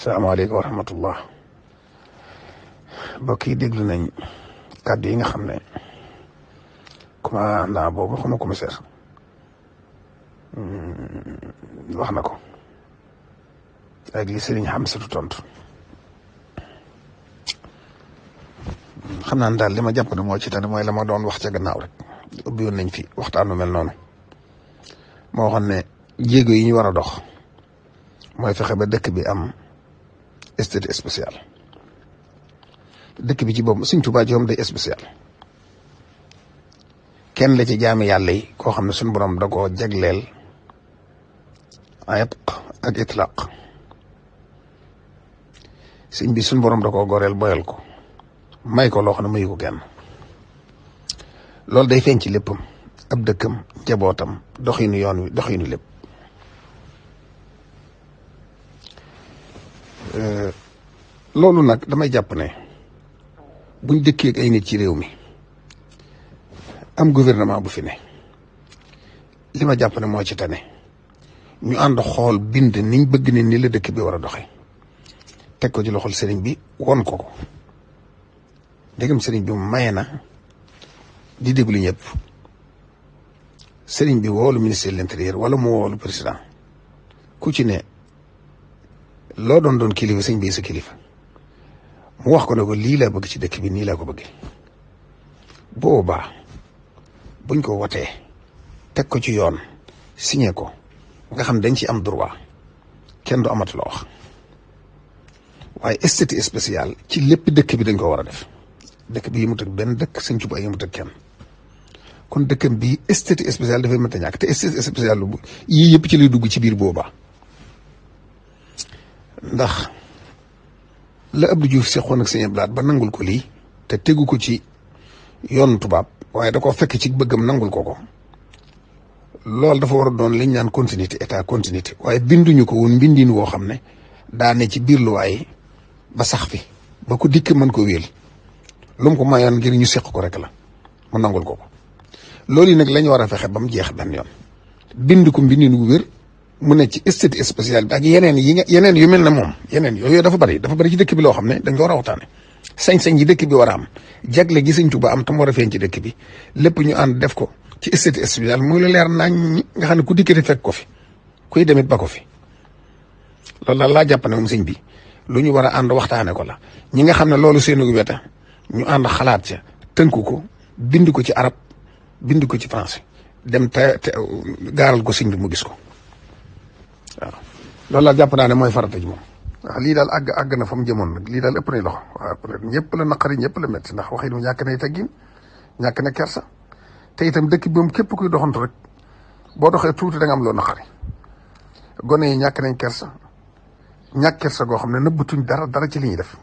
salaamaaleykum wa rahmatullah mbokk yi déglu nañ kàddu yi nga xam ne commandant boobu xam na commissaire hmm, wax na ko ak li sëriñ xam satu tontu xam naan daal li ma jàpp ne moo ci tane mooy la moo doon wax ca gannaaw rek ubbi woon nañ fi waxtaan waxtaanu mel noonu moo xam ne jéego yi ñu war a dox mooy fexe ba dëkk bi am statut spécial dëkk bi ci boppam suñ Tuubaa ci moom day spécial kenn la ci jaami yàlla yi koo xam ne suñu borom da koo jagleel ayib ak itlaq sëñ bi suñu borom da koo goreel boyal ko may ko loo xam ne mayu ko kenn loolu day feeñ ci léppam ab dëkkam njabootam doxinu yoon wi doxinu lépp. Euh, loolu nag damay jàpp ne buñ dëkkee ay nit ci réew mi am gouvernement bu fi ne li ma jàpp ne moo ci tane ñu ànd xool bind niñ bëgg ne ni la dëkk bi war a doxe teg ko ci loxol sëriñ bi won ko ko ndegam sëriñ bi maye na di déglu ñëpp sëriñ bi woolu ministre de l'intérieur wala mu woolu président ku ci ne loo doon doon kilifa sëñ bi si kilifa mu wax ko ne ko lii laa bëgg ci dëkk bi nii laa ko bëgge boobaa buñ ko watee teg ko ci yoon signé ko nga xam dañ ci am droit kenn doo amati loo wax waaye statut spécial ci lépp dëkk bi dañ ko war a def dëkk bi yëmut teg benn dëkk sëñ Tuubaa yëmut ak kenn kon dëkkam bi statut spécial dafay mën a ñàkk te statut spécial yii yëpp ci lay dugg ci biir booba ndax la Abdou Diouf seqoon ak Sëñ Abdou Lahad ba nangul ko lii te tegu ko ci yoonu tubaab waaye da koo fekk ci bëggam nangul ko ko loolu dafa war a doon liñ naan continuité état continuité waaye binduñu ko woon mbindiin woo xam ne daa ne ci biir luwaay ba sax fi ba ko dikk mën ko wéel lu mu ko mayoon ngir ñu seq ko rek la mu nangul ko ko loolu yi nag la ñu war a fexe ba mu jeex benn yoon bind ko mbindiin wu wér. mu ne ci institut spécial bi ak yeneen yi nga yu mel ne moom yeneen yooyu dafa bari dafa bari ci dëkk bi loo xam ne dañ ko war a waxtaane sañ-sañ yi dëkk bi war a am jagle gi Sëñ Tuubaa am tam war a feeñ ci dëkk bi lépp ñu ànd def ko ci institut spécial muy la leer nañ nga xam ne ku dikkati fekk ko fi kuy demit ba fi loolu daal laa jàpp ne moom bi lu ñu war a ànd waxtaane ko la ñi nga xam ne loolu seen weta ñu ànd xalaat ca tënku ko bind ko ci arab bind ko ci français dem te gaaral ko sëñ bi mu gis ko waaw loolu daal jàpp naa ne mooy farata ji moom lii daal àgg àgg na fa mu jëmoon nag lii daal ëpp nañ loxo waaw ñëpp la naqari ñëpp la métti ndax wax yi mu ñàkk nay teggin ñàkk na kersa te itam dëkk bi moom képp kuy doxantu rek boo doxee tuuti da am loo naqari gone yi ñàkk nañ kersa ñàkk kersa goo xam ne nëbbatuñ dara dara ci li ñuy def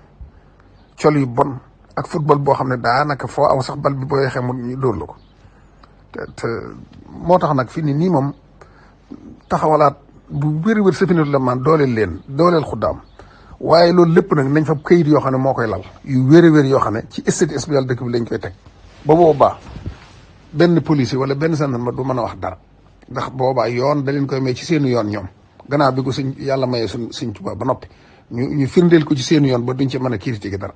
col yu bon ak football boo xam ne daanaka foo aw sax bal bi boo yeexee mu ñu dóor la ko moo tax nag fii nii nii moom taxawalaat bu wér wér safinatu la maan dooleel leen dooleel xuddaam waaye loolu lépp nag nañ fa kayit yoo xam ne moo koy lal yu wér a yoo xam ne ci statut spécial dëkk bi lañ koy teg ba boobaa benn policier wala benn gendarme du mën a wax dara ndax boobaa yoon da leen koy may ci seenu yoon ñoom gannaaw bi ko suñ yàlla mayee suñ suñ tubaab ba noppi ñu ñu firndeel ko ci seenu yoon ba duñ ci mën a gi dara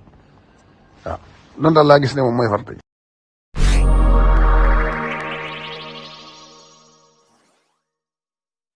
waaw noonu daal laa gis ne moom mooy farata